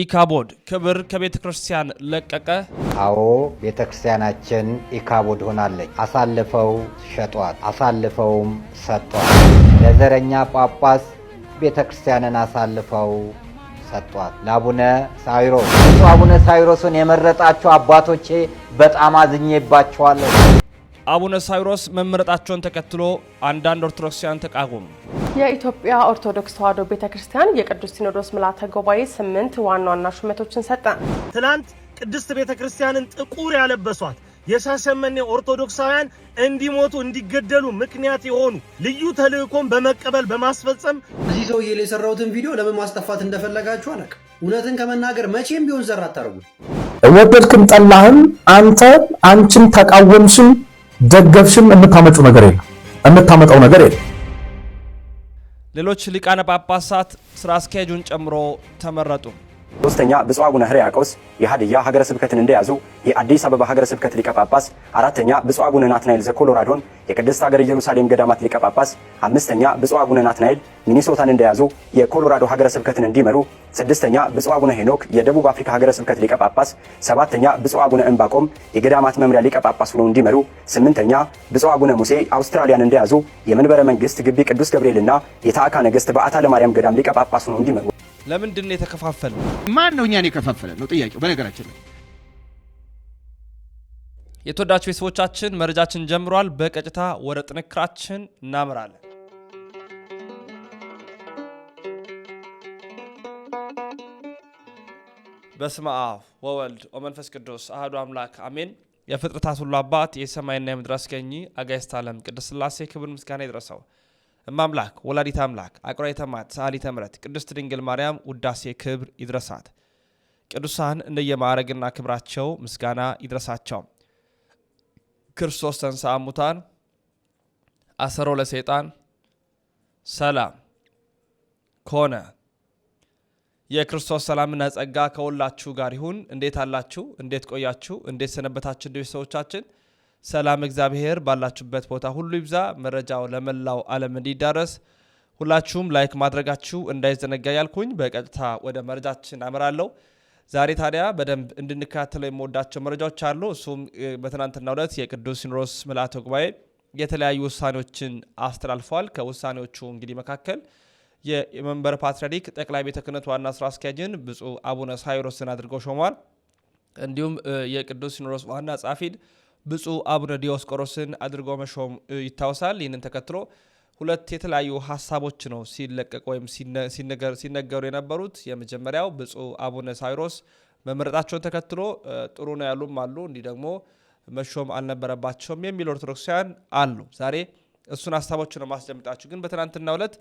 ኢካቦድ ክብር ከቤተ ክርስቲያን ለቀቀ። አዎ ቤተ ክርስቲያናችን ኢካቦድ ሆናለች። አሳልፈው ሸጧት፣ አሳልፈውም ሰጧት። ለዘረኛ ጳጳስ ቤተ ክርስቲያንን አሳልፈው ሰጧት። ለአቡነ ሳይሮስ እሱ አቡነ ሳይሮስን የመረጣቸው አባቶቼ በጣም አዝኜባቸዋለሁ። አቡነ ሳይሮስ መመረጣቸውን ተከትሎ አንዳንድ ኦርቶዶክሳውያን ተቃወሙ። የኢትዮጵያ ኦርቶዶክስ ተዋሕዶ ቤተ ክርስቲያን የቅዱስ ሲኖዶስ ምልዓተ ጉባኤ ስምንት ዋና ዋና ሹመቶችን ሰጠ። ትላንት ቅድስት ቤተ ክርስቲያንን ጥቁር ያለበሷት የሻሸመኔ ኦርቶዶክሳውያን እንዲሞቱ እንዲገደሉ ምክንያት የሆኑ ልዩ ተልእኮን በመቀበል በማስፈጸም እዚህ ሰውዬ ላይ የሰራሁትን ቪዲዮ ለምን ማስጠፋት እንደፈለጋችሁ አላውቅም። እውነትን ከመናገር መቼም ቢሆን ዘር አታርጉ። ወደድክም ጠላህም፣ አንተ አንቺን ተቃወምሽም ደገፍሽም የምታመጪው ነገር የለም የምታመጣው ነገር የለም። ሌሎች ሊቃነ ጳጳሳት ስራ አስኪያጁን ጨምሮ ተመረጡ። ሶስተኛ ብፁዕ አቡነ ሕርያቆስ የሀዲያ ሀገረ ስብከትን እንደያዙ የአዲስ አበባ ሀገረ ስብከት ሊቀ ጳጳስ፣ አራተኛ ብፁዕ አቡነ ናትናኤል ዘኮሎራዶን የቅድስት ሀገር ኢየሩሳሌም ገዳማት ሊቀ ጳጳስ፣ አምስተኛ ብፁዕ አቡነ ናትናኤል ሚኒሶታን እንደያዙ የኮሎራዶ ሀገረ ስብከትን እንዲመሩ፣ ስድስተኛ ብፁዕ አቡነ ሄኖክ የደቡብ አፍሪካ ሀገረ ስብከት ሊቀ ጳጳስ፣ ሰባተኛ ብፁዕ አቡነ እንባቆም የገዳማት መምሪያ ሊቀ ጳጳስ ሆነው እንዲመሩ፣ ስምንተኛ ብፁዕ አቡነ ሙሴ አውስትራሊያን እንደያዙ የመንበረ መንግስት ግቢ ቅዱስ ገብርኤልና የታዕካ ነገስት በአታ ለማርያም ገዳም ሊቀ ጳጳስ ሆነው እንዲመሩ። ለምንድን ነው የተከፋፈለው? ማን ነው እኛን የከፋፈለ ነው ጥያቄው በነገራችን ላይ የተወዳች ቤተሰቦቻችን መረጃችን ጀምሯል። በቀጥታ ወደ ጥንክራችን እናምራለን። በስመ አብ ወወልድ ወመንፈስ ቅዱስ አህዱ አምላክ አሜን። የፍጥረታት ሁሉ አባት የሰማይና የምድር አስገኚ አጋዕዝተ ዓለም ቅድስት ሥላሴ ክብር ምስጋና ይድረሰው። አምላክ ወላዲተ አምላክ አቁራይተ ማት ሰዓሊተ ምሕረት ቅድስት ድንግል ማርያም ውዳሴ ክብር ይድረሳት። ቅዱሳን እንደየማዕረግና ክብራቸው ምስጋና ይድረሳቸው። ክርስቶስ ተንሥአ እሙታን አሰሮ ለሰይጣን ሰላም ኮነ። የክርስቶስ ሰላምና ጸጋ ከሁላችሁ ጋር ይሁን። እንዴት አላችሁ? እንዴት ቆያችሁ? እንዴት ሰነበታችሁ? እንደ ሰዎቻችን ሰላም እግዚአብሔር ባላችሁበት ቦታ ሁሉ ይብዛ። መረጃው ለመላው ዓለም እንዲዳረስ ሁላችሁም ላይክ ማድረጋችሁ እንዳይዘነጋ ያልኩኝ በቀጥታ ወደ መረጃችን አመራለሁ። ዛሬ ታዲያ በደንብ እንድንከታተለው የምወዳቸው መረጃዎች አሉ። እሱም በትናንትናው ዕለት የቅዱስ ሲኖዶስ ምልዓተ ጉባኤ የተለያዩ ውሳኔዎችን አስተላልፈዋል። ከውሳኔዎቹ እንግዲህ መካከል የመንበረ ፓትርያርክ ጠቅላይ ቤተ ክህነት ዋና ስራ አስኪያጅን ብፁዕ አቡነ ሳይሮስን አድርገው ሾሟል። እንዲሁም የቅዱስ ሲኖዶስ ዋና ጸሐፊን ብፁዕ አቡነ ዲዮስቆሮስን አድርጎ መሾም ይታወሳል። ይህንን ተከትሎ ሁለት የተለያዩ ሀሳቦች ነው ሲለቀቅ ወይም ሲነገሩ የነበሩት። የመጀመሪያው ብፁዕ አቡነ ሳይሮስ መምረጣቸውን ተከትሎ ጥሩ ነው ያሉም አሉ፣ እንዲህ ደግሞ መሾም አልነበረባቸውም የሚሉ ኦርቶዶክሳውያን አሉ። ዛሬ እሱን ሀሳቦች ነው ማስደምጣችሁ። ግን በትናንትናው ዕለት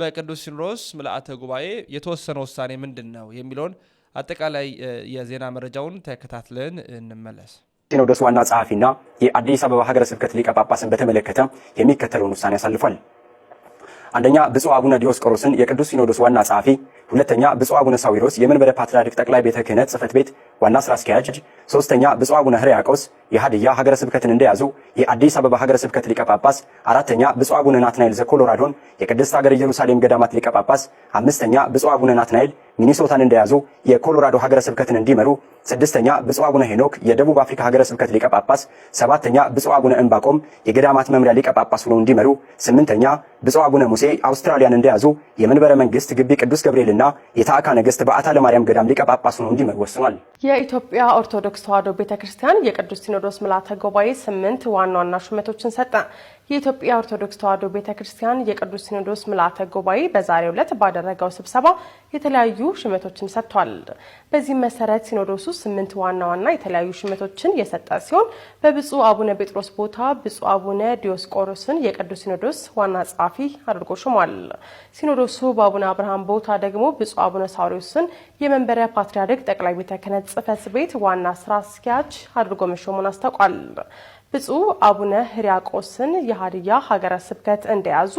በቅዱስ ሲኖዶስ ምልአተ ጉባኤ የተወሰነ ውሳኔ ምንድን ነው የሚለውን አጠቃላይ የዜና መረጃውን ተከታትለን እንመለስ። ሲኖዶስ ዋና ጸሐፊና የአዲስ አበባ ሀገረ ስብከት ሊቀ ጳጳስን በተመለከተ የሚከተለውን ውሳኔ አሳልፏል። አንደኛ ብፁዕ አቡነ ዲዮስቆሮስን የቅዱስ ሲኖዶስ ዋና ጸሐፊ፣ ሁለተኛ ብፁዕ አቡነ ሳዊሮስ የመንበረ ፓትርያርክ ጠቅላይ ቤተ ክህነት ጽሕፈት ቤት ዋና ስራ አስኪያጅ፣ ሶስተኛ ብፁዕ አቡነ ሕርያቆስ የሀድያ ሀገረ ስብከትን እንደያዙ የአዲስ አበባ ሀገረ ስብከት ሊቀጳጳስ፣ አራተኛ ብፁዕ አቡነ ናትናኤል ዘኮሎራዶን የቅድስት ሀገር ኢየሩሳሌም ገዳማት ሊቀጳጳስ፣ አምስተኛ ብፁዕ አቡነ ናትናኤል ሚኒሶታን እንደያዙ የኮሎራዶ ሀገረ ስብከትን እንዲመሩ፣ ስድስተኛ ብፁዕ አቡነ ሄኖክ የደቡብ አፍሪካ ሀገረ ስብከት ሊቀ ጳጳስ፣ ሰባተኛ ብፁዕ አቡነ እንባቆም የገዳማት መምሪያ ሊቀ ጳጳስ ሆነው እንዲመሩ፣ ስምንተኛ ብፁዕ አቡነ ሙሴ አውስትራሊያን እንደያዙ የመንበረ መንግስት ግቢ ቅዱስ ገብርኤልና የታዕካ ነገስት በአታ ለማርያም ገዳም ሊቀ ጳጳስ ሆነው እንዲመሩ ወስኗል። የኢትዮጵያ ኦርቶዶክስ ተዋሕዶ ቤተ ክርስቲያን የቅዱስ ሲኖዶስ ምልዓተ ጉባኤ ስምንት ዋና ዋና ሹመቶችን ሰጠ። የኢትዮጵያ ኦርቶዶክስ ተዋሕዶ ቤተ ክርስቲያን የቅዱስ ሲኖዶስ ምላተ ጉባኤ በዛሬው ዕለት ባደረገው ስብሰባ የተለያዩ ሽመቶችን ሰጥቷል። በዚህም መሰረት ሲኖዶሱ ስምንት ዋና ዋና የተለያዩ ሽመቶችን የሰጠ ሲሆን በብፁዕ አቡነ ጴጥሮስ ቦታ ብፁዕ አቡነ ዲዮስቆሮስን የቅዱስ ሲኖዶስ ዋና ጸሐፊ አድርጎ ሹሟል። ሲኖዶሱ በአቡነ አብርሃም ቦታ ደግሞ ብፁዕ አቡነ ሳዊሮስን የመንበረ ፓትርያርክ ጠቅላይ ቤተ ክህነት ጽሕፈት ቤት ዋና ስራ አስኪያጅ አድርጎ መሾሙን አስታውቋል። ብፁዕ አቡነ ሕርያቆስን የሀዲያ ሀገረ ስብከት እንደያዙ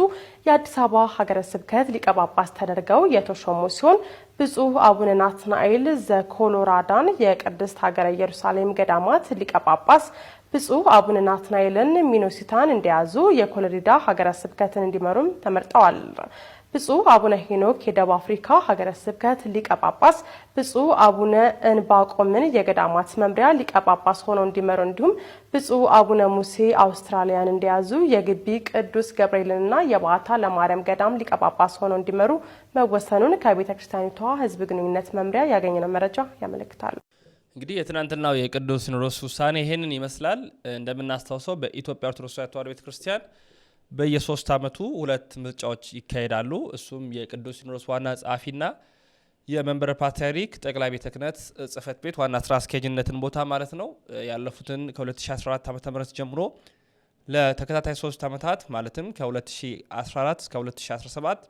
የአዲስ አበባ ሀገረ ስብከት ሊቀ ጳጳስ ተደርገው የተሾሙ ሲሆን ብፁዕ አቡነ ናትናኤል ዘኮሎራዳን የቅድስት ሀገረ ኢየሩሳሌም ገዳማት ሊቀ ጳጳስ ብፁዕ አቡነ ናትናኤልን ሚኖሲታን እንደያዙ የኮሎሪዳ ሀገረ ስብከትን እንዲመሩም ተመርጠዋል። ብፁዕ አቡነ ሄኖክ የደቡብ አፍሪካ ሀገረ ስብከት ሊቀ ጳጳስ፣ ብፁዕ አቡነ እንባቆምን የገዳማት መምሪያ ሊቀ ጳጳስ ሆነው እንዲመሩ እንዲሁም ብፁዕ አቡነ ሙሴ አውስትራሊያን እንደያዙ የግቢ ቅዱስ ገብርኤልንና የባታ ለማርያም ገዳም ሊቀ ጳጳስ ሆነው እንዲመሩ መወሰኑን ከቤተ ክርስቲያኒቷ ሕዝብ ግንኙነት መምሪያ ያገኘነው መረጃ ያመለክታሉ። እንግዲህ የትናንትናው የቅዱስ ሲኖዶስ ውሳኔ ይህንን ይመስላል። እንደምናስታውሰው በኢትዮጵያ ኦርቶዶክስ ተዋሕዶ ቤተክርስቲያን በየሶስት ዓመቱ ሁለት ምርጫዎች ይካሄዳሉ። እሱም የቅዱስ ሲኖዶስ ዋና ጸሐፊና የመንበረ ፓትርያርክ ጠቅላይ ቤተ ክህነት ጽሕፈት ቤት ዋና ስራ አስኪያጅነትን ቦታ ማለት ነው። ያለፉትን ከ2014 ዓ ም ጀምሮ ለተከታታይ ሶስት ዓመታት ማለትም ከ2014 እስከ 2017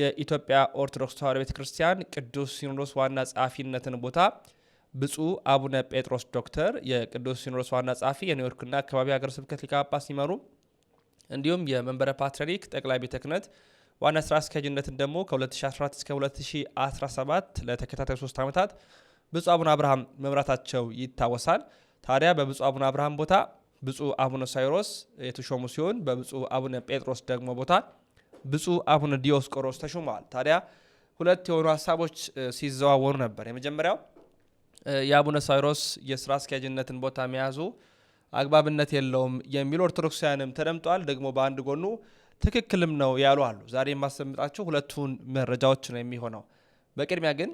የኢትዮጵያ ኦርቶዶክስ ተዋሕዶ ቤተ ክርስቲያን ቅዱስ ሲኖዶስ ዋና ጸሐፊነትን ቦታ ብፁዕ አቡነ ጴጥሮስ ዶክተር የቅዱስ ሲኖዶስ ዋና ጸሐፊ የኒውዮርክና አካባቢ ሀገረ ስብከት ሊቀ ጳጳስ ሲመሩ እንዲሁም የመንበረ ፓትርያርክ ጠቅላይ ቤተ ክህነት ዋና ስራ አስኪያጅነትን ደግሞ ከ2014 እስከ 2017 ለተከታታይ ሶስት ዓመታት ብፁ አቡነ አብርሃም መምራታቸው ይታወሳል። ታዲያ በብፁ አቡነ አብርሃም ቦታ ብፁ አቡነ ሳይሮስ የተሾሙ ሲሆን በብፁ አቡነ ጴጥሮስ ደግሞ ቦታ ብፁ አቡነ ዲዮስቆሮስ ተሾመዋል። ታዲያ ሁለት የሆኑ ሀሳቦች ሲዘዋወሩ ነበር። የመጀመሪያው የአቡነ ሳይሮስ የስራ አስኪያጅነትን ቦታ መያዙ አግባብነት የለውም የሚል ኦርቶዶክሳውያንም ተደምጠዋል። ደግሞ በአንድ ጎኑ ትክክልም ነው ያሉ አሉ። ዛሬ የማስደምጣቸው ሁለቱን መረጃዎች ነው የሚሆነው። በቅድሚያ ግን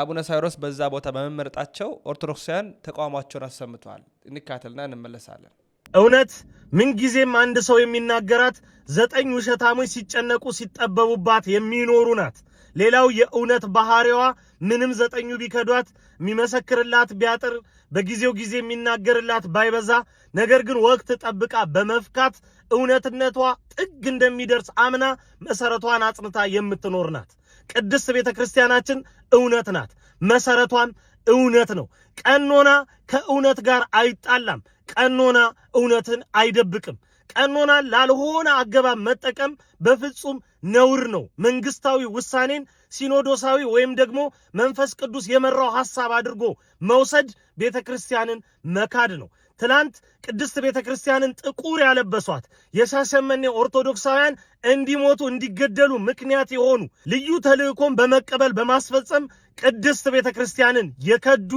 አቡነ ሳይሮስ በዛ ቦታ በመመረጣቸው ኦርቶዶክሳውያን ተቃውሟቸውን አሰምተዋል። እንካተልና እንመለሳለን። እውነት ምንጊዜም አንድ ሰው የሚናገራት ዘጠኝ ውሸታሞች ሲጨነቁ ሲጠበቡባት የሚኖሩ ናት። ሌላው የእውነት ባህሪዋ ምንም ዘጠኙ ቢከዷት የሚመሰክርላት ቢያጥር በጊዜው ጊዜ የሚናገርላት ባይበዛ ነገር ግን ወቅት ጠብቃ በመፍካት እውነትነቷ ጥግ እንደሚደርስ አምና መሰረቷን አጽንታ የምትኖር ናት። ቅድስት ቤተ ክርስቲያናችን እውነት ናት። መሰረቷም እውነት ነው። ቀኖና ከእውነት ጋር አይጣላም። ቀኖና እውነትን አይደብቅም። ቀኖና ላልሆነ አገባብ መጠቀም በፍጹም ነውር ነው። መንግስታዊ ውሳኔን ሲኖዶሳዊ ወይም ደግሞ መንፈስ ቅዱስ የመራው ሐሳብ አድርጎ መውሰድ ቤተ ክርስቲያንን መካድ ነው። ትላንት ቅድስት ቤተ ክርስቲያንን ጥቁር ያለበሷት የሻሸመኔ ኦርቶዶክሳውያን እንዲሞቱ እንዲገደሉ ምክንያት የሆኑ ልዩ ተልእኮን በመቀበል በማስፈጸም ቅድስት ቤተ ክርስቲያንን የከዱ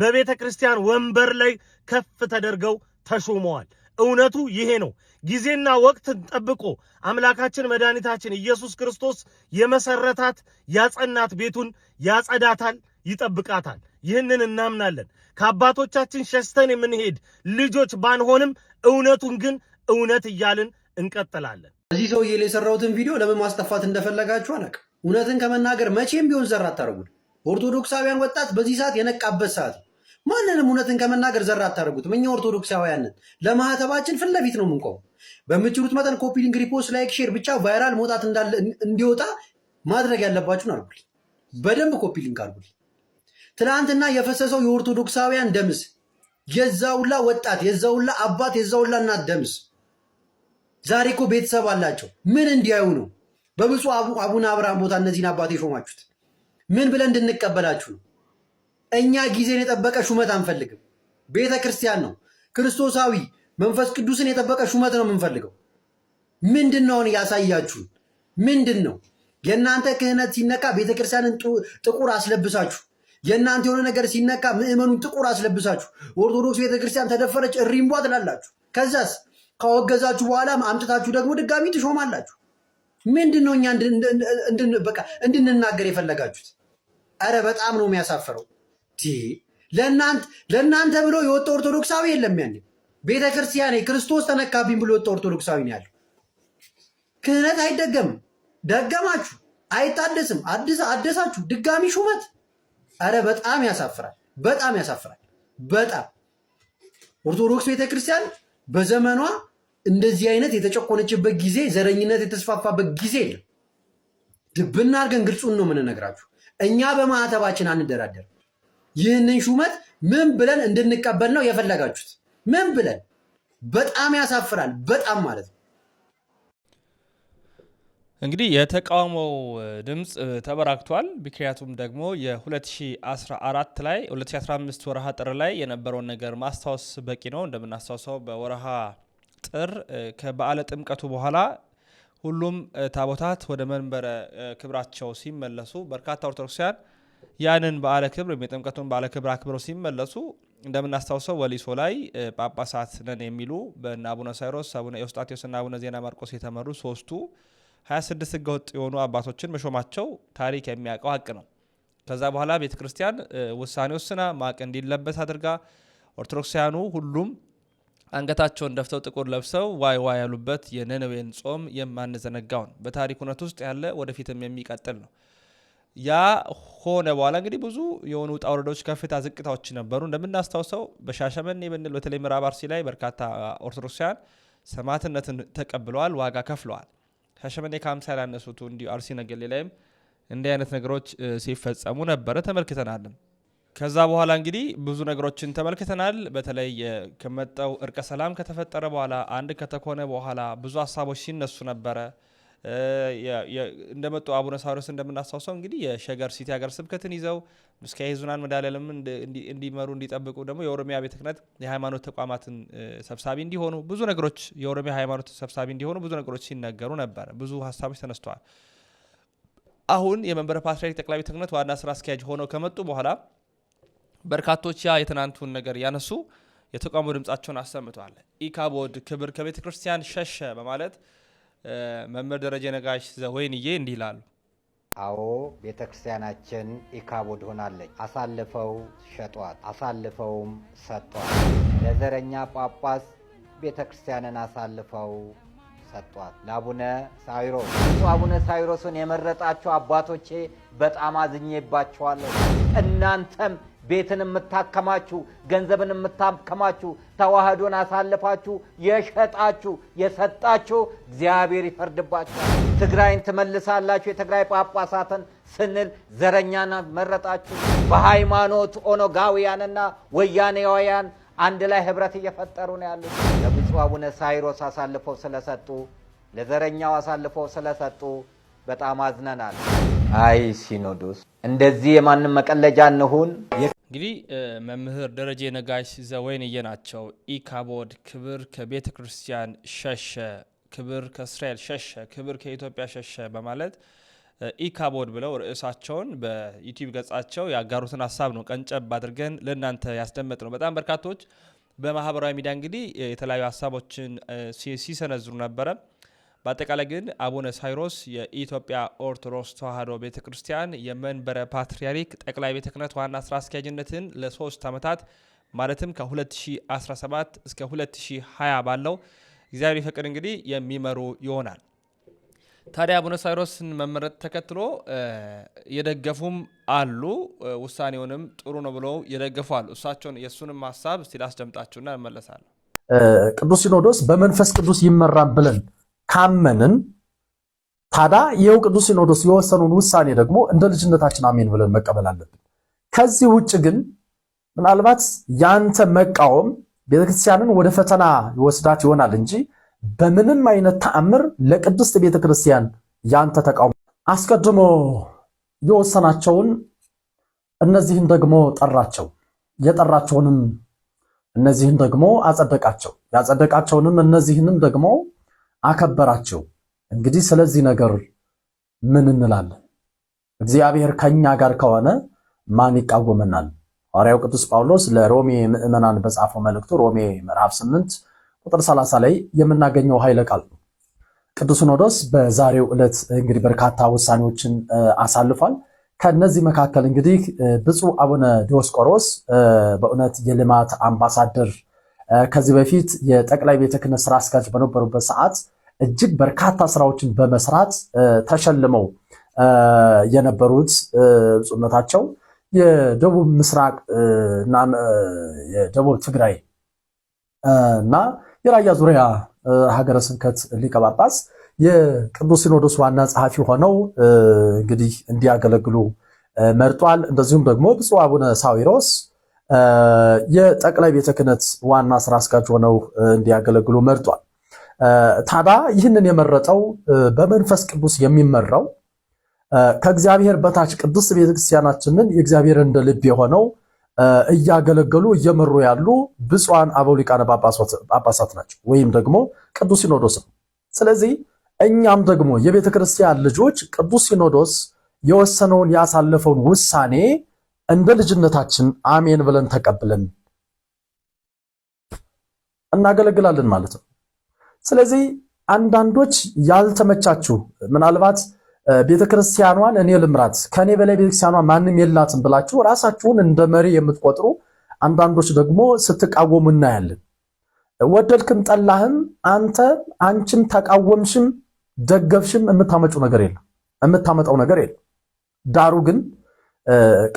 በቤተ ክርስቲያን ወንበር ላይ ከፍ ተደርገው ተሾመዋል። እውነቱ ይሄ ነው። ጊዜና ወቅትን ጠብቆ አምላካችን መድኃኒታችን ኢየሱስ ክርስቶስ የመሰረታት ያጸናት ቤቱን ያጸዳታል፣ ይጠብቃታል። ይህንን እናምናለን። ከአባቶቻችን ሸስተን የምንሄድ ልጆች ባንሆንም እውነቱን ግን እውነት እያልን እንቀጥላለን። እዚህ ሰውዬ ላይ የሰራሁትን ቪዲዮ ለምን ማስጠፋት እንደፈለጋችሁ አላቅ። እውነትን ከመናገር መቼም ቢሆን ዘራ አታደርጉት። ኦርቶዶክሳውያን ወጣት በዚህ ሰዓት የነቃበት ሰዓት ማንንም እውነትን ከመናገር ዘራ አታደርጉት። እኛ ኦርቶዶክሳውያንን ለማህተባችን ፊት ለፊት ነው የምንቆመው። በምችሉት መጠን ኮፒ ሊንክ፣ ሪፖስት፣ ላይክ፣ ሼር ብቻ ቫይራል መውጣት እንዲወጣ ማድረግ ያለባችሁን አድርጉልኝ። በደንብ ኮፒ ሊንክ አድርጉልኝ። ትላንትና የፈሰሰው የኦርቶዶክሳውያን ደምስ የዛውላ ወጣት የዛውላ አባት የዛውላ እናት ደምስ ዛሬ እኮ ቤተሰብ አላቸው። ምን እንዲያዩ ነው? በብፁዕ አቡነ አብርሃም ቦታ እነዚህን አባት የሾማችሁት ምን ብለን እንድንቀበላችሁ ነው? እኛ ጊዜን የጠበቀ ሹመት አንፈልግም። ቤተ ክርስቲያን ነው ክርስቶሳዊ መንፈስ ቅዱስን የጠበቀ ሹመት ነው የምንፈልገው። ምንድን ነውን ያሳያችሁን? ምንድን ነው የእናንተ ክህነት ሲነካ ቤተክርስቲያንን ጥቁር አስለብሳችሁ የእናንተ የሆነ ነገር ሲነካ ምዕመኑን ጥቁር አስለብሳችሁ ኦርቶዶክስ ቤተክርስቲያን ተደፈረች እሪምቧ ትላላችሁ። ከዛስ ካወገዛችሁ በኋላ አምጥታችሁ ደግሞ ድጋሚ ትሾማላችሁ። ምንድን ነው እኛ በቃ እንድንናገር የፈለጋችሁት? ኧረ በጣም ነው የሚያሳፈረው? ለእናንተ ብሎ የወጣ ኦርቶዶክሳዊ የለም። ያኔ ቤተክርስቲያኔ ክርስቶስ ተነካብኝ ብሎ የወጣ ኦርቶዶክሳዊ ነው ያለው። ክህነት አይደገምም። ደገማችሁ፣ አይታደስም። አደሳችሁ፣ ድጋሚ ሹመት አረ በጣም ያሳፍራል፣ በጣም ያሳፍራል። በጣም ኦርቶዶክስ ቤተክርስቲያን በዘመኗ እንደዚህ አይነት የተጨቆነችበት ጊዜ፣ ዘረኝነት የተስፋፋበት ጊዜ የለም። ድብና አድርገን ግልጹን ነው የምንነግራችሁ። እኛ በማዕተባችን አንደራደር። ይህንን ሹመት ምን ብለን እንድንቀበል ነው የፈለጋችሁት? ምን ብለን በጣም ያሳፍራል። በጣም ማለት ነው። እንግዲህ የተቃውሞው ድምፅ ተበራክቷል። ምክንያቱም ደግሞ የ2014 ላይ 2015 ወረሃ ጥር ላይ የነበረውን ነገር ማስታወስ በቂ ነው። እንደምናስታውሰው በወረሃ ጥር ከበዓለ ጥምቀቱ በኋላ ሁሉም ታቦታት ወደ መንበረ ክብራቸው ሲመለሱ በርካታ ኦርቶዶክሳውያን ያንን በዓለ ክብር ወይም የጥምቀቱን በዓለ ክብር አክብረው ሲመለሱ እንደምናስታውሰው ወሊሶ ላይ ጳጳሳት ነን የሚሉ በእነ አቡነ ሳይሮስ አቡነ ኤዎስጣቴዎስና አቡነ ዜና ማርቆስ የተመሩ ሶስቱ 26 ህገወጥ የሆኑ አባቶችን መሾማቸው ታሪክ የሚያውቀው ሀቅ ነው። ከዛ በኋላ ቤተ ክርስቲያን ውሳኔ ወስና ማቅ እንዲለበስ አድርጋ ኦርቶዶክሳውያኑ ሁሉም አንገታቸውን ደፍተው ጥቁር ለብሰው ዋይ ዋይ ያሉበት የነነዌን ጾም የማንዘነጋውን በታሪክ እውነት ውስጥ ያለ ወደፊትም የሚቀጥል ነው። ያ ሆነ በኋላ እንግዲህ ብዙ የሆኑ ውጣ ውረዶች፣ ከፍታ ዝቅታዎች ነበሩ። እንደምናስታውሰው በሻሸመኔ ብንል በተለይ ምዕራብ አርሲ ላይ በርካታ ኦርቶዶክሳውያን ሰማዕትነትን ተቀብለዋል፣ ዋጋ ከፍለዋል። ከሸመኔ ከሀምሳ ያላነሱቱ እንዲሁ አርሲ ነገሌ ላይም እንዲህ አይነት ነገሮች ሲፈጸሙ ነበረ ተመልክተናል። ከዛ በኋላ እንግዲህ ብዙ ነገሮችን ተመልክተናል። በተለይ ከመጣው እርቀ ሰላም ከተፈጠረ በኋላ አንድ ከተኮነ በኋላ ብዙ ሀሳቦች ሲነሱ ነበረ። እንደመጡ አቡነ ሳዊሮስ እንደምናስታውሰው እንግዲህ የሸገር ሲቲ ሀገር ስብከትን ይዘው እስከ ሄዙናን መድኃኔዓለም እንዲመሩ እንዲጠብቁ ደግሞ የኦሮሚያ ቤተ ክህነት የሃይማኖት ተቋማትን ሰብሳቢ እንዲሆኑ ብዙ ነገሮች የኦሮሚያ ሃይማኖት ሰብሳቢ እንዲሆኑ ብዙ ነገሮች ሲነገሩ ነበር። ብዙ ሀሳቦች ተነስተዋል። አሁን የመንበረ ፓትርያርክ ጠቅላይ ቤተ ክህነት ዋና ስራ አስኪያጅ ሆነው ከመጡ በኋላ በርካቶች ያ የትናንቱን ነገር ያነሱ የተቃውሞ ድምጻቸውን አሰምተዋል። ኢካቦድ ክብር ከቤተ ክርስቲያን ሸሸ በማለት መምህር ደረጀ ነጋሽ ዘወይንዬ እንዲህ ይላሉ። አዎ ቤተ ክርስቲያናችን ኢካቦድ ሆናለች። አሳልፈው ሸጧት፣ አሳልፈውም ሰጧት። ለዘረኛ ጳጳስ ቤተ ክርስቲያንን አሳልፈው ሰጧት። ለአቡነ ሳይሮስ ብፁዕ አቡነ ሳይሮስን የመረጣቸው አባቶቼ በጣም አዝኜባቸዋለሁ። እናንተም ቤትን የምታከማችሁ፣ ገንዘብን የምታከማችሁ፣ ተዋህዶን አሳልፋችሁ የሸጣችሁ የሰጣችሁ እግዚአብሔር ይፈርድባችኋል። ትግራይን ትመልሳላችሁ። የትግራይ ጳጳሳትን ስንል ዘረኛና መረጣችሁ። በሃይማኖት ኦነጋውያንና ወያኔያውያን አንድ ላይ ህብረት እየፈጠሩ ነው ያሉት። ለብፁዕ አቡነ ሳይሮስ አሳልፈው ስለሰጡ፣ ለዘረኛው አሳልፈው ስለሰጡ በጣም አዝነናል። አይ ሲኖዶስ፣ እንደዚህ የማንም መቀለጃ እንሁን። እንግዲህ መምህር ደረጀ ነጋሽ ዘወይንዬ ናቸው። ኢካቦድ ክብር ከቤተ ክርስቲያን ሸሸ፣ ክብር ከእስራኤል ሸሸ፣ ክብር ከኢትዮጵያ ሸሸ በማለት ኢካቦድ ብለው ርዕሳቸውን በዩቲዩብ ገጻቸው ያጋሩትን ሀሳብ ነው ቀንጨብ አድርገን ለእናንተ ያስደመጥ ነው። በጣም በርካቶች በማህበራዊ ሚዲያ እንግዲህ የተለያዩ ሀሳቦችን ሲሰነዝሩ ነበረ። በአጠቃላይ ግን አቡነ ሳይሮስ የኢትዮጵያ ኦርቶዶክስ ተዋሕዶ ቤተ ክርስቲያን የመንበረ ፓትርያርክ ጠቅላይ ቤተ ክህነት ዋና ስራ አስኪያጅነትን ለሶስት ዓመታት ማለትም ከ2017 እስከ 2020 ባለው እግዚአብሔር ይፈቅድ እንግዲህ የሚመሩ ይሆናል። ታዲያ አቡነ ሳይሮስን መመረጥ ተከትሎ የደገፉም አሉ። ውሳኔውንም ጥሩ ነው ብለው የደገፉ አሉ። እሳቸውን የእሱንም ሀሳብ ሲል አስደምጣችሁና እመለሳለሁ። ቅዱስ ሲኖዶስ በመንፈስ ቅዱስ ይመራል ብለን ካመንን ታዳ ይኸው ቅዱስ ሲኖዶስ የወሰኑን ውሳኔ ደግሞ እንደ ልጅነታችን አሜን ብለን መቀበል አለብን። ከዚህ ውጭ ግን ምናልባት ያንተ መቃወም ቤተክርስቲያንን ወደ ፈተና ይወስዳት ይሆናል እንጂ በምንም አይነት ተአምር ለቅድስት ቤተክርስቲያን ያንተ ተቃውሞ አስቀድሞ የወሰናቸውን እነዚህን ደግሞ ጠራቸው፣ የጠራቸውንም እነዚህን ደግሞ አጸደቃቸው፣ ያጸደቃቸውንም እነዚህንም ደግሞ አከበራቸው። እንግዲህ ስለዚህ ነገር ምን እንላለን? እግዚአብሔር ከኛ ጋር ከሆነ ማን ይቃወመናል? ሐዋርያው ቅዱስ ጳውሎስ ለሮሜ ምዕመናን በጻፈው መልእክቱ ሮሜ ምዕራፍ 8 ቁጥር 30 ላይ የምናገኘው ኃይለ ቃል ነው። ቅዱስ ሲኖዶስ በዛሬው ዕለት እንግዲህ በርካታ ውሳኔዎችን አሳልፏል። ከነዚህ መካከል እንግዲህ ብፁዕ አቡነ ዲዮስቆሮስ በእውነት የልማት አምባሳደር ከዚህ በፊት የጠቅላይ ቤተ ክህነት ስራ አስኪያጅ በነበሩበት ሰዓት እጅግ በርካታ ስራዎችን በመስራት ተሸልመው የነበሩት ብፁዕነታቸው የደቡብ ምስራቅ እና የደቡብ ትግራይ እና የራያ ዙሪያ ሀገረ ስብከት ሊቀ ጳጳስ የቅዱስ ሲኖዶስ ዋና ጸሐፊ ሆነው እንግዲህ እንዲያገለግሉ መርጧል። እንደዚሁም ደግሞ ብፁዕ አቡነ ሳዊሮስ የጠቅላይ ቤተ ክህነት ዋና ስራ አስኪያጅ ሆነው እንዲያገለግሉ መርጧል። ታዲያ ይህንን የመረጠው በመንፈስ ቅዱስ የሚመራው ከእግዚአብሔር በታች ቅድስት ቤተክርስቲያናችንን የእግዚአብሔር እንደ ልብ የሆነው እያገለገሉ እየመሩ ያሉ ብፁዓን አበው ሊቃነ ጳጳሳት ናቸው፣ ወይም ደግሞ ቅዱስ ሲኖዶስ ነው። ስለዚህ እኛም ደግሞ የቤተክርስቲያን ልጆች ቅዱስ ሲኖዶስ የወሰነውን ያሳለፈውን ውሳኔ እንደ ልጅነታችን አሜን ብለን ተቀብለን እናገለግላለን ማለት ነው። ስለዚህ አንዳንዶች ያልተመቻችሁ ምናልባት ቤተክርስቲያኗን እኔ ልምራት ከኔ በላይ ቤተክርስቲያኗ ማንም የላትም ብላችሁ ራሳችሁን እንደ መሪ የምትቆጥሩ አንዳንዶች ደግሞ ስትቃወሙ እናያለን። ወደድክም ጠላህም አንተ አንቺም ተቃወምሽም ደገፍሽም የምታመጪው ነገር የለም የምታመጣው ነገር የለም። ዳሩ ግን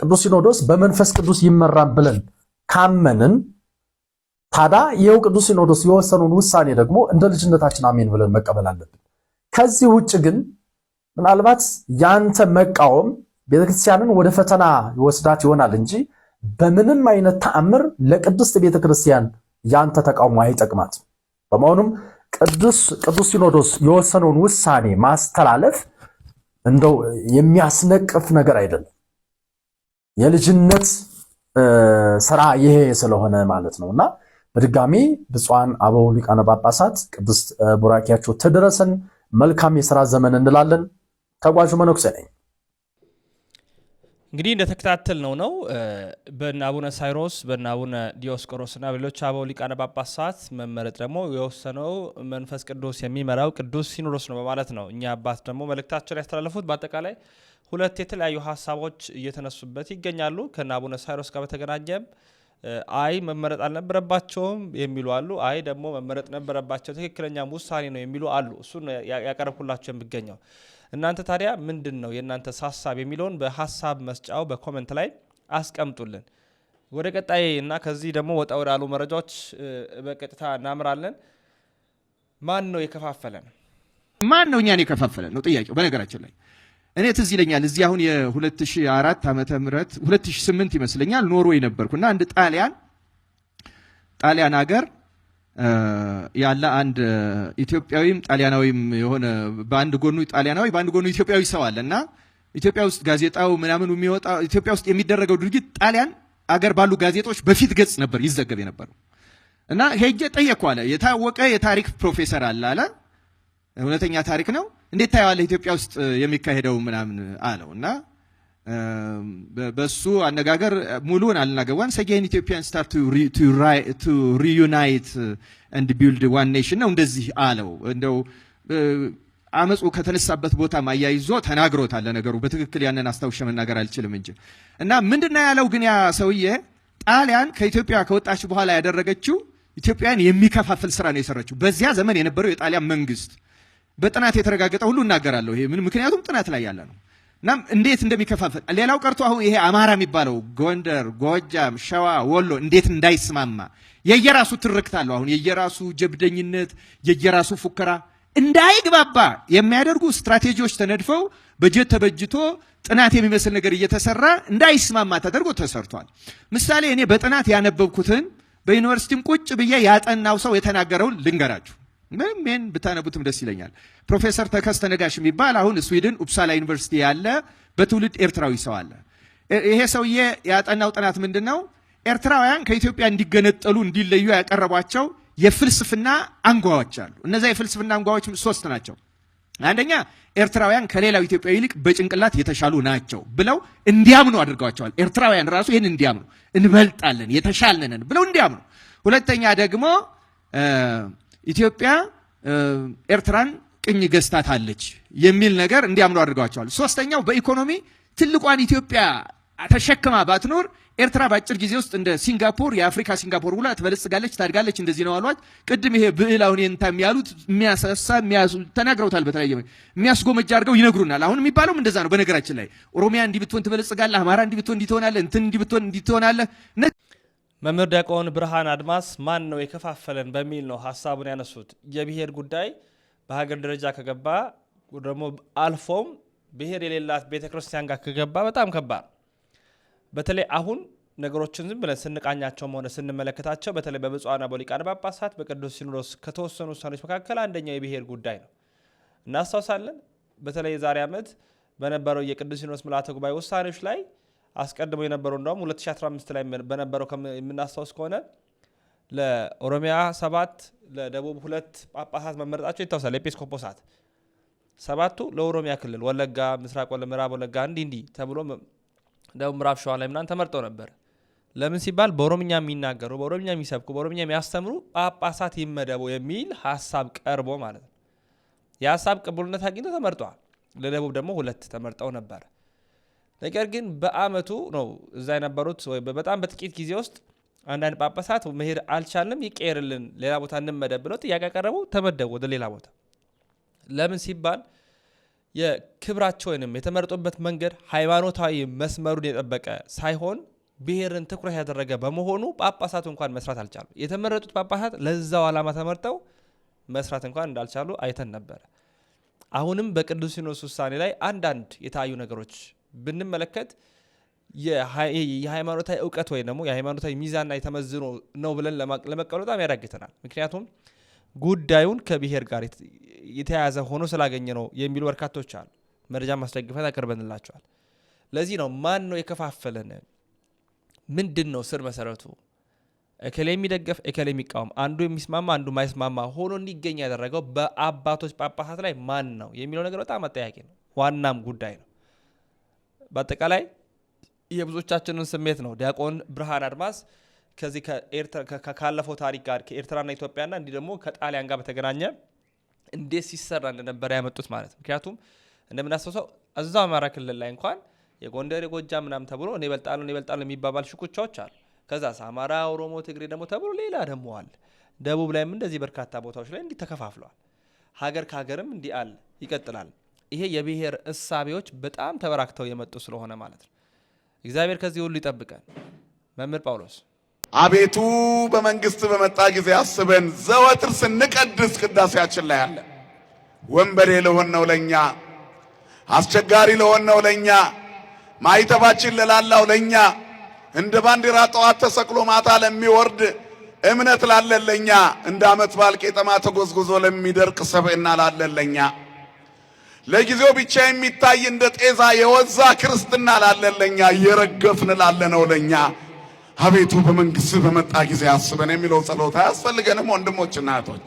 ቅዱስ ሲኖዶስ በመንፈስ ቅዱስ ይመራን ብለን ካመንን ታዳ ይኸው ቅዱስ ሲኖዶስ የወሰኑን ውሳኔ ደግሞ እንደ ልጅነታችን አሜን ብለን መቀበል አለብን። ከዚህ ውጭ ግን ምናልባት ያንተ መቃወም ቤተክርስቲያንን ወደ ፈተና ይወስዳት ይሆናል እንጂ በምንም አይነት ተአምር ለቅድስት ቤተክርስቲያን ያንተ ተቃውሞ አይጠቅማት። በመሆኑም ቅዱስ ቅዱስ ሲኖዶስ የወሰነውን ውሳኔ ማስተላለፍ እንደው የሚያስነቅፍ ነገር አይደለም። የልጅነት ስራ ይሄ ስለሆነ ማለት ነው እና በድጋሚ ብፁዓን አበው ሊቃነ ጳጳሳት ቅድስት ቡራኪያቸው ትድረሰን። መልካም የስራ ዘመን እንላለን። ተጓዡ መነኩሴ ነኝ። እንግዲህ እንደተከታተል ነው ነው በእነ አቡነ ሳይሮስ በእነ አቡነ ዲዮስቆሮስ እና በሌሎች አበው ሊቃነ ጳጳሳት መመረጥ ደግሞ የወሰነው መንፈስ ቅዱስ የሚመራው ቅዱስ ሲኖዶስ ነው በማለት ነው እኛ አባት ደግሞ ላይ ያስተላለፉት በአጠቃላይ ሁለት የተለያዩ ሀሳቦች እየተነሱበት ይገኛሉ። ከነ አቡነ ሳይሮስ ጋር በተገናኘም አይ መመረጥ አልነበረባቸውም የሚሉ አሉ። አይ ደግሞ መመረጥ ነበረባቸው ትክክለኛ ውሳኔ ነው የሚሉ አሉ። እሱ ያቀረብኩላቸው የሚገኘው እናንተ ታዲያ ምንድን ነው የእናንተ ሀሳብ የሚለውን በሀሳብ መስጫው በኮመንት ላይ አስቀምጡልን። ወደ ቀጣይ እና ከዚህ ደግሞ ወጣ ወዳሉ መረጃዎች በቀጥታ እናምራለን። ማን ነው የከፋፈለን? ማን ነው እኛን የከፋፈለን ነው ጥያቄው በነገራችን ላይ እኔ ትዝ ይለኛል እዚህ አሁን የ2004 ዓመተ ምህረት 2008 ይመስለኛል ኖርዌይ ነበርኩና አንድ ጣሊያን ጣሊያን አገር ያለ አንድ ኢትዮጵያዊም ጣሊያናዊም የሆነ በአንድ ጎኑ ጣሊያናዊ በአንድ ጎኑ ኢትዮጵያዊ ሰው አለ እና ኢትዮጵያ ውስጥ ጋዜጣው ምናምን የሚወጣ ኢትዮጵያ ውስጥ የሚደረገው ድርጊት ጣሊያን አገር ባሉ ጋዜጦች በፊት ገጽ ነበር ይዘገብ የነበረው እና ሄጄ ጠየቅኩ አለ የታወቀ የታሪክ ፕሮፌሰር አለ አለ እውነተኛ ታሪክ ነው፣ እንዴት ታየዋለህ ኢትዮጵያ ውስጥ የሚካሄደው ምናምን አለው እና በሱ አነጋገር ሙሉን አልናገዋን ሰጌን ኢትዮጵያን ስታር ቱ ሪዩናይት እንድ ቢልድ ዋን ኔሽን ነው እንደዚህ አለው። እንደው አመፁ ከተነሳበት ቦታ አያይዞ ተናግሮታል። ለነገሩ በትክክል ያንን አስታውሸ መናገር አልችልም እንጂ እና ምንድነው ያለው ግን ያ ሰውዬ ጣሊያን ከኢትዮጵያ ከወጣች በኋላ ያደረገችው ኢትዮጵያን የሚከፋፍል ስራ ነው የሰራችው። በዚያ ዘመን የነበረው የጣሊያን መንግስት በጥናት የተረጋገጠ ሁሉ እናገራለሁ። ይሄ ምን ምክንያቱም ጥናት ላይ ያለ ነው። እናም እንዴት እንደሚከፋፈል ሌላው ቀርቶ አሁን ይሄ አማራ የሚባለው ጎንደር፣ ጎጃም፣ ሸዋ፣ ወሎ እንዴት እንዳይስማማ የየራሱ ትርክት አለው። አሁን የየራሱ ጀብደኝነት፣ የየራሱ ፉከራ እንዳይግባባ የሚያደርጉ ስትራቴጂዎች ተነድፈው በጀት ተበጅቶ ጥናት የሚመስል ነገር እየተሰራ እንዳይስማማ ተደርጎ ተሰርቷል። ምሳሌ እኔ በጥናት ያነበብኩትን በዩኒቨርሲቲም ቁጭ ብዬ ያጠናው ሰው የተናገረውን ልንገራችሁ። ምንም ይህን ብታነቡትም ደስ ይለኛል። ፕሮፌሰር ተከስተ ነጋሽ የሚባል አሁን ስዊድን ኡፕሳላ ዩኒቨርሲቲ ያለ በትውልድ ኤርትራዊ ሰው አለ። ይሄ ሰውዬ ያጠናው ጥናት ምንድን ነው? ኤርትራውያን ከኢትዮጵያ እንዲገነጠሉ እንዲለዩ ያቀረቧቸው የፍልስፍና አንጓዎች አሉ። እነዚያ የፍልስፍና አንጓዎች ሶስት ናቸው። አንደኛ ኤርትራውያን ከሌላው ኢትዮጵያ ይልቅ በጭንቅላት የተሻሉ ናቸው ብለው እንዲያምኑ አድርገዋቸዋል። ኤርትራውያን ራሱ ይህን እንዲያምኑ እንበልጣለን፣ የተሻልንን ብለው እንዲያምኑ። ሁለተኛ ደግሞ ኢትዮጵያ ኤርትራን ቅኝ ገዝታታለች የሚል ነገር እንዲያምኑ አድርገዋቸዋል። ሶስተኛው በኢኮኖሚ ትልቋን ኢትዮጵያ ተሸክማ ባትኖር ኤርትራ በአጭር ጊዜ ውስጥ እንደ ሲንጋፖር የአፍሪካ ሲንጋፖር ሁላ ትበለጽጋለች፣ ታድጋለች፣ እንደዚህ ነው አሏት። ቅድም ይሄ ብዕል አሁን ንታ የሚያሉት የሚያሳሳ ተናግረውታል። በተለያየ የሚያስጎመጃ አድርገው ይነግሩናል። አሁን የሚባለው እንደዛ ነው። በነገራችን ላይ ኦሮሚያ እንዲህ ብትሆን ትበለጽጋለህ፣ አማራ እንዲህ ብትሆን እንዲትሆናለህ፣ እንትን እንዲህ ብትሆን እንዲትሆናለህ። መምህር ዲያቆን ብርሃን አድማስ ማን ነው የከፋፈለን በሚል ነው ሀሳቡን ያነሱት። የብሔር ጉዳይ በሀገር ደረጃ ከገባ ደግሞ አልፎም ብሔር የሌላት ቤተ ክርስቲያን ጋር ከገባ በጣም ከባድ። በተለይ አሁን ነገሮችን ዝም ብለን ስንቃኛቸውም ሆነ ስንመለከታቸው በተለይ በብፁዓን አበው ጳጳሳት በቅዱስ ሲኖዶስ ከተወሰኑ ውሳኔዎች መካከል አንደኛው የብሔር ጉዳይ ነው። እናስታውሳለን። በተለይ የዛሬ ዓመት በነበረው የቅዱስ ሲኖዶስ ምልዓተ ጉባኤ ውሳኔዎች ላይ አስቀድሞ የነበረው እንደውም 2015 ላይ በነበረው የምናስታውስ ከሆነ ለኦሮሚያ ሰባት ለደቡብ ሁለት ጳጳሳት መመረጣቸው ይታወሳል። ኤጲስቆጶሳት ሰባቱ ለኦሮሚያ ክልል ወለጋ፣ ምስራቅ ወለ ምዕራብ ወለጋ እንዲ እንዲ ተብሎ ደቡብ ምዕራብ ሸዋ ላይ ምናምን ተመርጠው ነበር። ለምን ሲባል በኦሮምኛ የሚናገሩ በኦሮምኛ የሚሰብኩ በኦሮምኛ የሚያስተምሩ ጳጳሳት ይመደቡ የሚል ሀሳብ ቀርቦ ማለት ነው። የሀሳብ ቅቡልነት አግኝተው ተመርጠዋል። ለደቡብ ደግሞ ሁለት ተመርጠው ነበር። ነገር ግን በአመቱ ነው እዛ የነበሩት በጣም በጥቂት ጊዜ ውስጥ አንዳንድ ጳጳሳት መሄድ አልቻልንም፣ ይቀየርልን፣ ሌላ ቦታ እንመደብ ብለው ጥያቄ ያቀረቡ ተመደቡ ወደ ሌላ ቦታ። ለምን ሲባል የክብራቸው ወይንም የተመረጡበት መንገድ ሃይማኖታዊ መስመሩን የጠበቀ ሳይሆን ብሔርን ትኩረት ያደረገ በመሆኑ ጳጳሳቱ እንኳን መስራት አልቻሉ። የተመረጡት ጳጳሳት ለዛው ዓላማ ተመርጠው መስራት እንኳን እንዳልቻሉ አይተን ነበረ። አሁንም በቅዱስ ሲኖዶስ ውሳኔ ላይ አንዳንድ የታዩ ነገሮች ብንመለከት የሃይማኖታዊ እውቀት ወይም ደግሞ የሃይማኖታዊ ሚዛንና የተመዝኖ ነው ብለን ለመቀበል በጣም ያዳግተናል። ምክንያቱም ጉዳዩን ከብሔር ጋር የተያያዘ ሆኖ ስላገኘ ነው የሚሉ በርካቶች አሉ። መረጃ ማስደግፈት አቅርበንላቸዋል። ለዚህ ነው ማን ነው የከፋፈለን? ምንድን ነው ስር መሰረቱ? እከሌ የሚደገፍ እከሌ የሚቃወም፣ አንዱ የሚስማማ አንዱ ማይስማማ ሆኖ እንዲገኝ ያደረገው በአባቶች ጳጳሳት ላይ ማን ነው የሚለው ነገር በጣም አጠያቂ ነው፣ ዋናም ጉዳይ ነው። በአጠቃላይ የብዙዎቻችንን ስሜት ነው። ዲያቆን ብርሃን አድማስ ከዚህ ካለፈው ታሪክ ጋር ከኤርትራና ኢትዮጵያና እንዲህ ደግሞ ከጣሊያን ጋር በተገናኘ እንዴት ሲሰራ እንደነበረ ያመጡት ማለት ምክንያቱም እንደምናስታውሰው እዛው አማራ ክልል ላይ እንኳን የጎንደር የጎጃ ምናምን ተብሎ እኔ እበልጣለሁ እኔ እበልጣለሁ የሚባባል ሽኩቻዎች አሉ። ከዛ አማራ፣ ኦሮሞ፣ ትግሬ ደግሞ ተብሎ ሌላ ደግሞ አለ። ደቡብ ላይም እንደዚህ በርካታ ቦታዎች ላይ እንዲህ ተከፋፍለዋል። ሀገር ከሀገርም እንዲህ አለ ይቀጥላል። ይሄ የብሔር እሳቤዎች በጣም ተበራክተው የመጡ ስለሆነ ማለት ነው። እግዚአብሔር ከዚህ ሁሉ ይጠብቀን። መምህር ጳውሎስ አቤቱ በመንግስት በመጣ ጊዜ አስበን። ዘወትር ስንቀድስ ቅዳሴያችን ላይ አለ። ወንበዴ ለሆነው ለእኛ፣ አስቸጋሪ ለሆነው ለእኛ፣ ማይተባችን ለላላው ለእኛ፣ እንደ ባንዲራ ጠዋት ተሰቅሎ ማታ ለሚወርድ እምነት ላለን ለእኛ እንደ ዓመት በዓል ቄጠማ ተጎዝጉዞ ለሚደርቅ ሰብዕና ለእኛ። ለጊዜው ብቻ የሚታይ እንደ ጤዛ የወዛ ክርስትና ላለን ለኛ እየረገፍን ላለነው ለኛ አቤቱ በመንግሥት በመጣ ጊዜ አስበን የሚለው ጸሎት አያስፈልገንም። ወንድሞችና እህቶች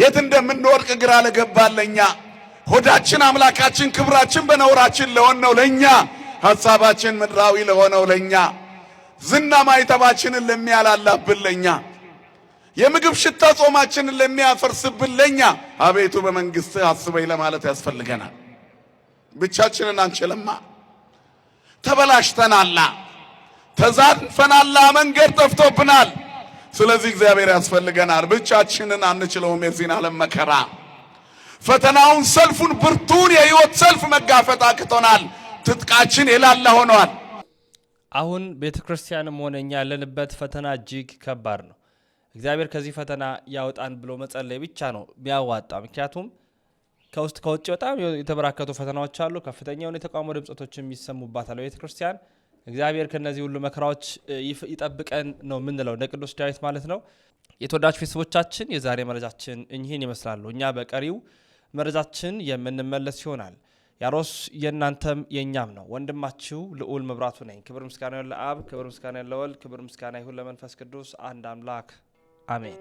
የት እንደምንወድቅ ግራ ለገባን ለኛ ሆዳችን አምላካችን ክብራችን በነውራችን ለሆነው ለኛ ሐሳባችን ምድራዊ ለሆነው ለኛ ዝና ማይተባችንን ለሚያላላብን ለኛ የምግብ ሽታ ጾማችንን ለሚያፈርስብን ለኛ አቤቱ በመንግስት አስበኝ ለማለት ያስፈልገናል። ብቻችንን አንችልማ። ተበላሽተናላ፣ ተዛንፈናላ፣ መንገድ ጠፍቶብናል። ስለዚህ እግዚአብሔር ያስፈልገናል። ብቻችንን አንችለውም። የዚህን ዓለም መከራ ፈተናውን፣ ሰልፉን፣ ብርቱን የህይወት ሰልፍ መጋፈጥ አቅቶናል። ትጥቃችን የላላ ሆኗል። አሁን ቤተ ክርስቲያንም ሆነ እኛ ያለንበት ፈተና እጅግ ከባድ ነው። እግዚአብሔር ከዚህ ፈተና ያወጣን ብሎ መጸለይ ብቻ ነው ቢያዋጣ። ምክንያቱም ከውስጥ ከውጭ በጣም የተበራከቱ ፈተናዎች አሉ። ከፍተኛ የተቋሞ የተቃውሞ ድምጾች የሚሰሙባታል ቤተ ክርስቲያን። እግዚአብሔር ከእነዚህ ሁሉ መከራዎች ይጠብቀን ነው የምንለው እንደ ቅዱስ ዳዊት ማለት ነው። የተወዳጅ ቤተሰቦቻችን የዛሬ መረጃችን እኚህን ይመስላሉ። እኛ በቀሪው መረጃችን የምንመለስ ይሆናል። ያሮስ የእናንተም የእኛም ነው። ወንድማችሁ ልዑል መብራቱ ነኝ። ክብር ምስጋና ለአብ፣ ክብር ምስጋና ለወል ለወልድ፣ ክብር ምስጋና ይሁን ለመንፈስ ቅዱስ አንድ አምላክ Amém.